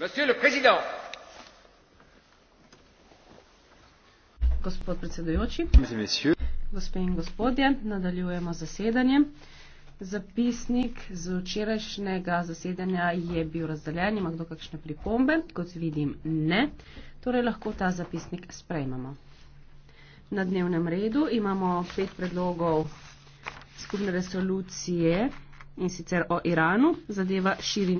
Monsieur le Président. Gospod predsedujoči, gospe in gospodje, nadaljujemo zasedanje. Zapisnik z včerajšnjega zasedanja je bil razdeljen, ima kdo kakšne pripombe, kot vidim ne, torej lahko ta zapisnik sprejmemo. Na dnevnem redu imamo pet predlogov skupne resolucije in sicer o Iranu, zadeva širi.